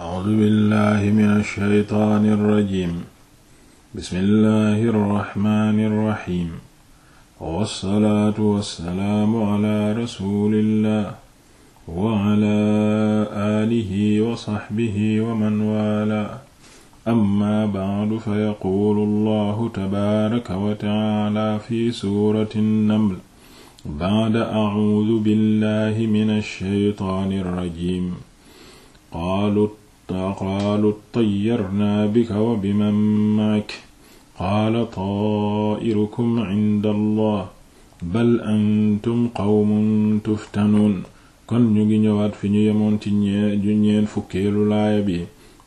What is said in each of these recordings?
acuudu billahi min alsheytaani alrajim bismillahi arraxmaani arraxim wassalaatu wassalaamu calaa rasuulillah wacalaa aalihi wa saxbihi wa man waalaa amma bacdu fa yaquulu allahu tabaaraka wa tacaala fi suurati nnaml bacda acuudu billahi min alsheytaani arrajim qaalu xatta qaalu tayyarnaa bika wa biman ma'ak qaala taa'irukum inda allah bal antum qawmun tuftanuun kon ñu ngi ñëwaat fi ñu yemoon ci ñeeju ñeen fukkeelu laaya bi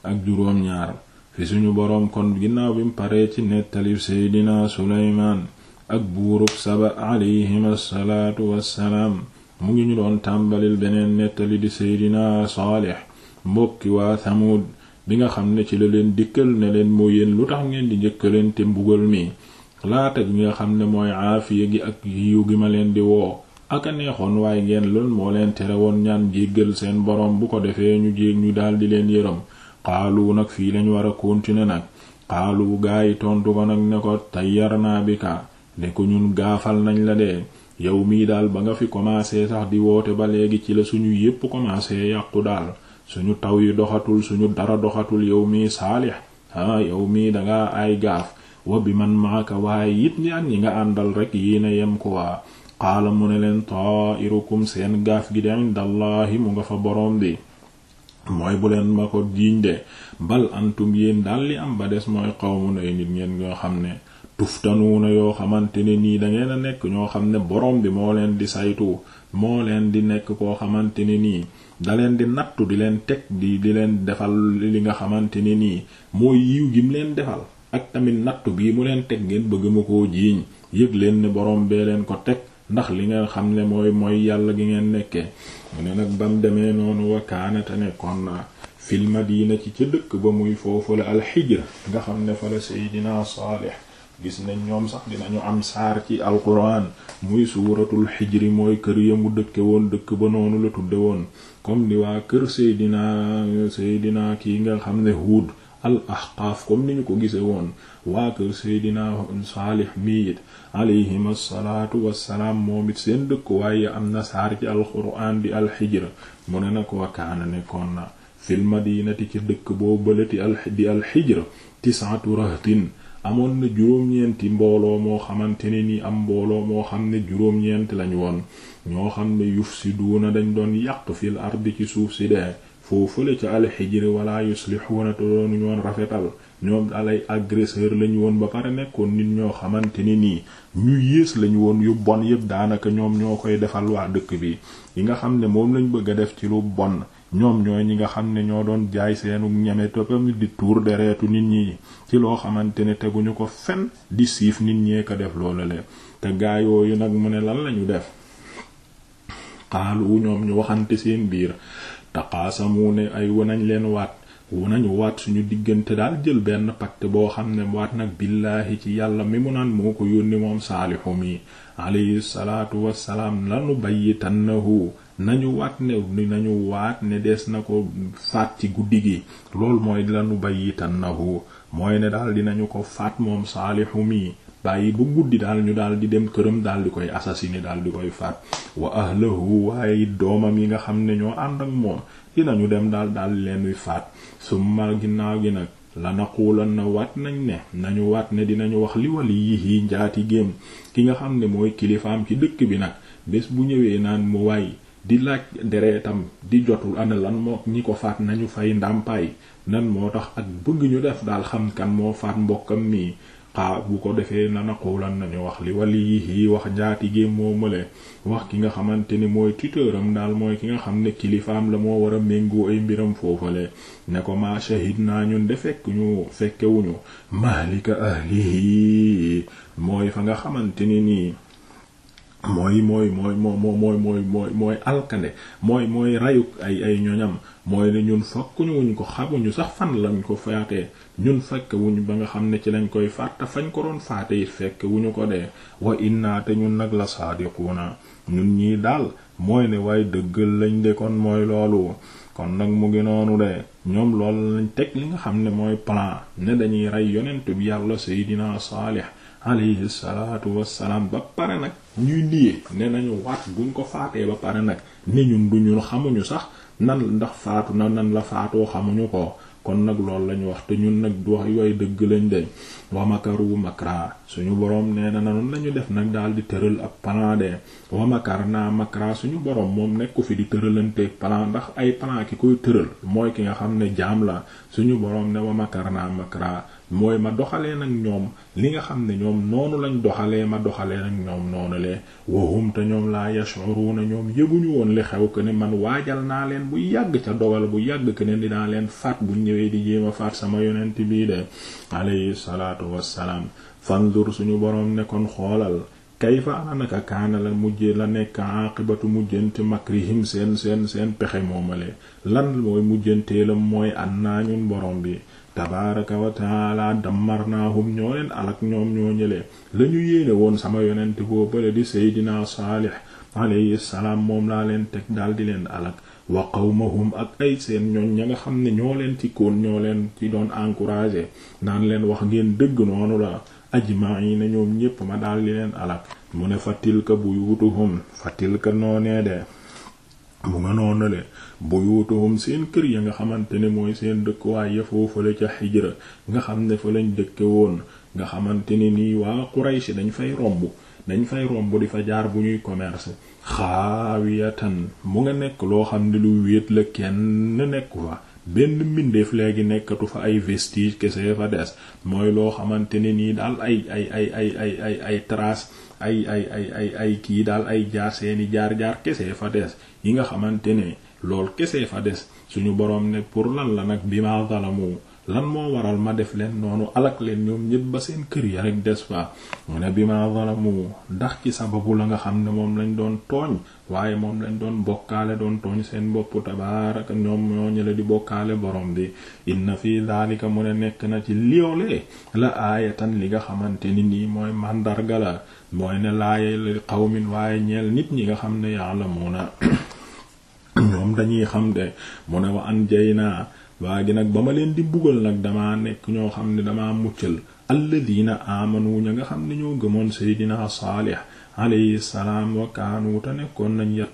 ak juróom-ñaar fi suñu boroom kon ginnaaw bi mu paree ci nettalif seydinaa suleymaan ak buurub saba alayhim assalaatu wassalaam mu ngi ñu doon tàmbalil beneen nettali di seydinaa saalix mbokki waa Samud bi nga xam ne ci la leen dikkal ne leen moo yéen lu tax ngeen di njëkkalante mbugal mi laata gi nga xam ne mooy aafiya gi ak yiw gi ma leen di woo ak neexoon waaye ngeen lool moo leen tere woon ñaan jéggal seen boroom bu ko defee ñu jéeg ñu daldi leen yërëm xaalu nag fii lañ war a continuer nag xaalu gaa yi tontu ko nag ne ko tayyarnaa bika ne ko ñun gaafal nañ la de yow mii daal ba nga fi commencé sax di woote ba léegi ci la suñu yépp commencé yàqu daal suñu taw yi doxatul suñu dara doxatul yow mii saalix ah yow mii dangaa ay gaaf wa bi man maaka waaye it ñaan ñi nga àndal rek yii na yem ko waa qaala mu ne leen taairukum seen gaaf gi de indallaahi mu nga fa boroom bi mooy bu leen ma ko jiiñ de bal antum yéen daal li am ba des mooy xawmu nay nit ngeen nga xam ne tuftanuuna yoo xamante ne nii dangeen a nekk ñoo xam ne borom bi moo leen di saytu moo leen di nekk koo xamante ne nii da leen di nattu di leen teg di di leen defal li nga xamante ne nii mooy yiw gi mu leen defal ak tamit nattu bii mu leen teg ngeen bëgg ma koo jiiñ yëg leen ne borom bee leen ko teg ndax li nga xam ne mooy mooy yàlla gi ngeen nekkee mu ne nag bam demee noonu wa a nekkoon na fil madina ci ca dëkk ba muy foofu la alxijra nga xam ne fa gis nañ ñoom sax dinañu am saar ci alquran muy suuratul xijri mooy kër ya mu dëkke woon dëkk ba noonu la tudde woon comme ni waa kër Seydina Seydina kii nga xam ne Huud al ahqaaf comme ni ñu ko gise woon waa kër Seydina Saalih miit alayhim assalaatu wassalaam moom it seen dëkk waaye am na saar ci alquran di alxijra mu ne na ko kaana nekkoon na fil madinati ci dëkk boo bëlati al di alxijra tisaatu rahtin amoon na juróom-ñeenti mbooloo moo xamante ne nii am mbooloo moo xam ne juróom-ñeent lañu woon ñoo xam ne yuuf si yufsiduuna dañ doon yàq fil ardi ci suuf si de foofule ca alxijri wala yuslihuuna te doonu ñoon rafetal ñoom alay agresseur lañu woon ba pare nekkoon nit ñoo xamante ni nii ñu yées lañu woon yu bon yëpp daanaka ñoom ñoo koy defal waa dëkk bi yi nga xam ne moom lañu bëgg a def ci lu bon ñoom ñooy ñi nga xam ne ñoo doon jaay seenu ñeme toppam di tuur dereetu nit ñi ci loo xamante ne teguñu ko fen di siif nit ñee ko def loola leen te gaa yooyu nag mu ne lan lañu def xaalu ñoom ñu waxante seen biir taqaasamu ne ay nañ leen waat nañu waat suñu diggante daal jël benn pacte boo xam ne waat nag billaahi ci yàlla mi mu naan moo ko yónni moom saalihu mi alayhi salaatu wassalaam lanu bayyitannahu nañu waat ne nañu waat ne des na ko faat ci guddi gi loolu mooy lanu bayitannahu mooy ne daal dinañu ko faat moom saalihu mi bàyyi bu guddi daal ñu daal di dem këram daal di koy assassiner daal di koy faat wa ahlahu waaye doomam yi nga xam ne ñoo ànd ak moom dinañu dem daal daal di leen faat summa ginnaaw gi nag la naqulan na waat nañ ne nañu waat ne dina ñu wax li wali yi njaati géem ki nga xam ne mooy kilifaam ci dëkk bi nag bés bu ñëwee naan mu waay di laaj deretam di jotu ana lan moo ñi ko faat nañu fay ndàmpaay nan moo tax ak bëgg ñu def daal xam kan moo faat mbokkam mi xaa bu ko defee nana nanaqulan nañu wax li waliyihi wax njaatigéem moo mële wax ki nga xamante ni mooy tuteuram daal mooy ki nga xam ne kilifaam la moo war a méngoo ay mbiram foofale ne ko ma shahid naa ñun de fekk ñu fekkewuñu mahlika ahlihi mooy fa nga xamante ni nii mooy mooy mooy moo moo mooy mooy mooy mooy alkande mooy mooy rayuk ay ay ñoñam mooy ne ñun fokkuñu wuñ ko xamuñu sax fan lañ ko faatee ñun fekk wuñ ba nga xam ne ci lañ koy faat fañ ko doon faate it fekk wuñu ko dee wa inna te ñun nag la saadiquuna ñun ñi daal mooy ne waaye dëggal lañ de kon mooy loolu kon nag mu ngi noonu de ñoom loolu lañ teg li nga xam ne mooy plan ne dañuy rey yonent bi yàlla seydinaa saalih alayhi salaatu wassalaam ba pare nag ñuy niyee ne nañu waat buñ ko faatee ba pare nag ni ñun du ñun xamuñu sax nan ndax faatu na nan la faatoo xamuñu ko kon nag loolu lañu wax te ñun nag du wax yooyu dëgg lañ de wa makaru makra suñu boroom ne na noonu lañu def nag daal di tëral ab plan de wa naa makra suñu boroom moom nekku fi di tëralanteeg plan ndax ay plan ki koy tëral mooy ki nga xam ne jaam la suñu boroom ne wa makar naa makra mooy ma doxalee nag ñoom li nga xam ne ñoom noonu lañ doxalee ma doxalee nag ñoom noonu lee wahum te ñoom laa na ñoom yëguñu woon li xew ko ne man waajal naa leen bu yàgg ca dogal bu yàgg que ne ni dinaa leen faat bu ñëwee di jéem a faat sama yonent bii de alayhi salaatu wassalaam fandur suñu boroom nekkoon xoolal kayfa ananaka kaana la mujje la nekk aqibatu mujjante makrihim seen seen seen pexe moomale lan mooy mujjanteelam mooy an naa borom bi tabaaraka wa naa dammarnaahum ñoo leen alak ñoom ñoo ñëlee la yéene woon sama yonent boo bële di seydinaa saalix alayhi salaam moom laa leen teg daal di leen alak wa qawmahum ak ay seen ñooñ ña nga xam ne ñoo leen ci koon ñoo leen ci doon encouragé naan leen wax ngeen dëgg noonu la ajma'ina ñoom ñépp ma daal di leen alak mu ne fa tilka buyutuhum fa tilka noonee de bu nga noonu le buyutuhum seen kër ya nga xamante ne mooy seen dëkkuwaay ya la ca xijra nga xam ne fa lañ dëkke woon nga xamante ne nii waa Quraysh dañ fay romb dañ fay romb di fa jaar bu ñuy commerce xaawiyatan mu nga nekk loo xam ne lu wéet la kenn nekk fa benn mbindeef léegi nekkatu fa ay vestige kese fa des mooy loo xamante ne nii daal ay ay ay ay ay ay ay traces ay ay ay ay ay kii daal ay jaar seeni jaar-jaar kese fa des yi nga xamante ne lool kese fa des suñu boroom ne pour lan la nag bi ma zalamu lan moo waral ma def leen noonu alak leen ñoom ñëpp ba seen kër ya rek des fa mu ne bi ma zalamu ndax ci sababu la nga xam ne moom lañ doon tooñ waaye moom lañ doon bokkaale doon tooñ seen bopp tabaaraka ñoom di bokkaale borom bi inna fi daalika mu nekk na ci liolee la li nga xamante ni nii mooy màndarga la mooy waaye ñeel nit ñi nga xam ne ya'lamuna ñoom dañuy xam de mu ne wa an jay naa waa gi nag ba ma leen di mbugal nag damaa nekk ñoo xam ne damaa muccal alladina aamanu ña nga xam ne ñoo gëmoon seydinaa saalix alayhi salaam wa kaanu te nekkoon nañ a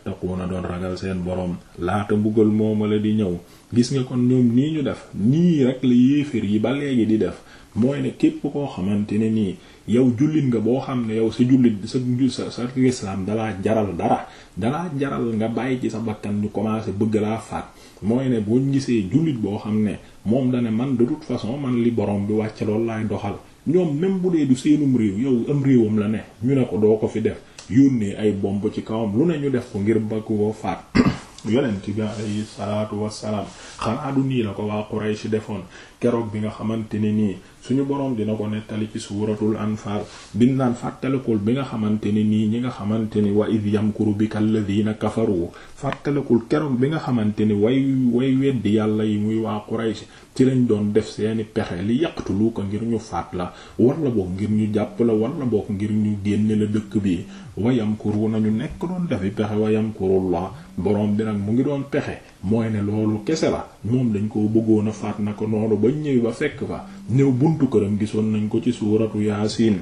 doon ragal seen boroom laata mbugal mooma la di ñëw gis nga kon ñoom nii ñu def nii rek la yéefér yi ba léegi di def mooy ne képp koo xamante ne nii yow jullit nga boo xam ne yow sa jullit sa sa sa islam dalaa jaral dara dalaa jaral nga bàyyi ci sa bakkan ñu commencé bëgg laa faat mooy ne boo gisee jullit boo xam ne moom dana man de toute façon man li borom bi wàcce loolu laay doxal ñoom même bu dee du seenum réew yow am réewam la ne ñu ne ko doo ko fi def yónnee ay bomb ci kawam lu ne ñu def ko ngir bëgg koo faat yonent bi alayhi salaatu wassalaam xanaa du nii la ko waa si defoon keroog bi nga xamante ne nii suñu boroom dina ko nettali ci suuratul anfaal bin naan fàttalikul bi nga xamante ne nii ñi nga xamante ni wa id yamkuru bika alladhina kafaru fàttalikul keroog bi nga xamante ni way way weddi yàlla yi muy waa Quraysh ci lañ doon def seeni pexe li yaqtulu ko ngir ñu faat la war la bokk ngir ñu jàpp la war bokk ngir ñu génne la dëkk bi wayamkuru nañu nekk doon defi pexe wayamkurullah boroom bi nag mu ngi doon pexe mooy ne loolu kese la moom dañ koo bëggoon a faat na ko noonu bañ ñëwee ba fekk fa ñëw buntu këram gisoon nañ ko ci suuratu yaasin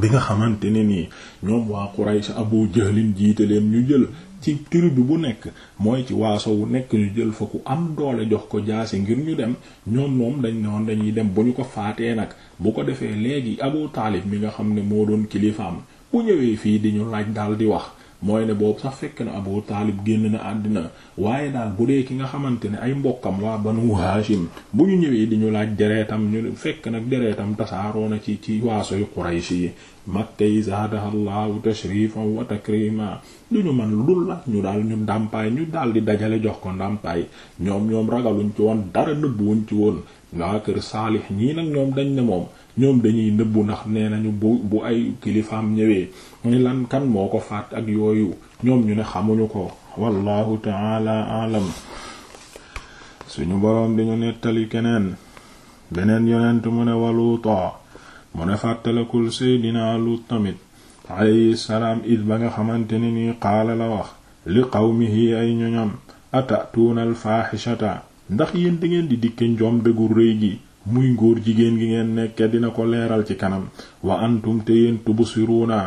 bi nga xamante ne nii ñoom waa Quraysh Abu Jahlin jiite leen ñu jël ci tribu bu nekk mooy ci waaso wu nekk ñu jël fa ku am doole jox ko jaasi ngir ñu dem ñoom moom dañ noon dañuy dem bu ñu ko faatee nag bu ko defee léegi Abu Taalib mi nga xam ne moo doon kilifaam bu ñëwee fii di ñu laaj daal di wax mooy ne boobu sax fekk na Abu Taalib génn na àddina waaye daal bu dee ki nga xamante ne ay mbokkam waa Banu Haashim bu ñu ñëwee di ñu laaj dereetam ñu fekk nag dereetam tasaaroo na ci ci waasoy Quraysh yi makka yi zaadahallahu tashrifan wa takrima du ñu man lu dul la ñu daal ñu ndàmpaay ñu daal di dajale jox ko ndàmpaay ñoom ñoom ragaluñ ci woon dara nëbbuwuñ ci woon waa kër saalix ñii nag ñoom dañ ne moom ñoom dañuy nëbbu ndax nee nañu bu bu ay kilifaam ñëwee ni lan moo ko faat ak yooyu ñoom ñu ne xamuñu ko wallahu taala alam suñu boroom di ñu nettali keneen beneen yonent mu ne waluuta mu ne fàttalakul seydinaa Luut tamit alayhi salaam ba nga xamante ne nii qaala la wax li qawmihi ay ñoñam atatuuna alfaaxishata ndax yéen di ngeen di dikke njombe gu rëy gi muy góor jigéen gi ngeen nekke dina ko leeral ci kanam wa antum te yéen tubsiruuna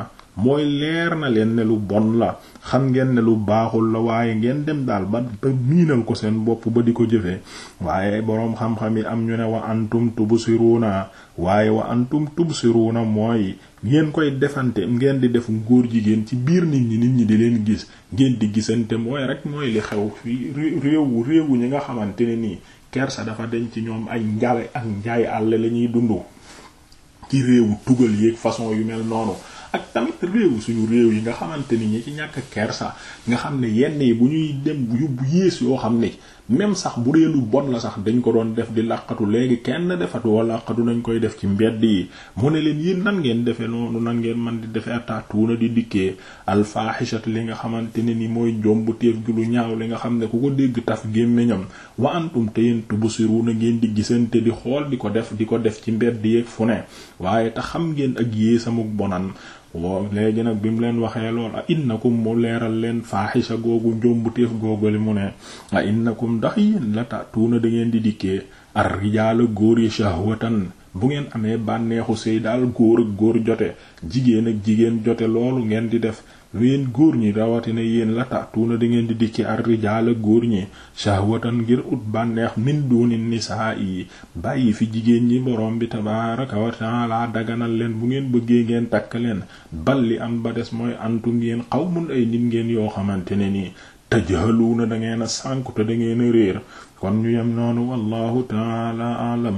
mooy leer na leen ne lu bon la xam ngeen ne lu baaxul la waaye ngeen dem daal ba ba miinal ko seen bopp ba di ko jëfee waaye boroom xam-xam yi am ñu ne wa antum tubsiruna waaye wa antum tubsiruna mooy ngeen koy defante ngeen di def góor jigéen ci biir nit ñi nit ñi di leen gis ngeen di gisante mooy rek mooy li xew fi réew réewu ñi nga xamante ne nii kersa dafa denc ci ñoom ay njale ak njaay àll lañuy ñuy dund ci réewu tugal yeeg façon yu mel réew suñu réew yi nga xamante ni ñi ci ñàkk kersa nga xam ne yenn yi bu ñuy dem yóbbu yées yoo xam ne même sax bu dee lu bon la sax dañ ko doon def di làqatu léegi kenn defatu wala làqatu nañ koy def ci mbedd yi mu ne leen yéen nan ngeen defee noonu nan ngeen man di defee atatuuna di dikkee alfahishat li nga xamante ne ni mooy njombu téef gi lu ñaaw li nga xam ne ku ko dégg taf gémmiñam wa antum te yéen tubsiruna ngeen di gisante di xool di ko def di ko def ci mbedd yeeg fu ne waaye te xam ngeen ak yée samuk bonan woo léegi nag bi mu leen waxee lool a innakum mu leeral leen faaxisa googu njombuteef googu li mu ne a innakum ndax yi la tatuuna da ngeen di dikkee ar rijaala góor yi shahwatan bu ngeen amee bànneexu sëy daal góor ak góor jote jigéen ak jigéen jote loolu ngeen di def yéen góor ñi rawatina yéen la tàttuuna da ngeen di dikki ar rijaal ak góor ñi shahwatan ngir ut bànneex min duni nisaa yi bàyyi fi jigéen ñi borom bi tabaaraka wa ta'aala daganal leen bu ngeen bëggee ngeen takk leen balli am ba des mooy antum yéen qawmun ay nit ngeen yoo xamante ne nii tajhaluuna da ngeen a sànku te da ngeen a réer kon ñu yem noonu wallahu ta'aala a'lam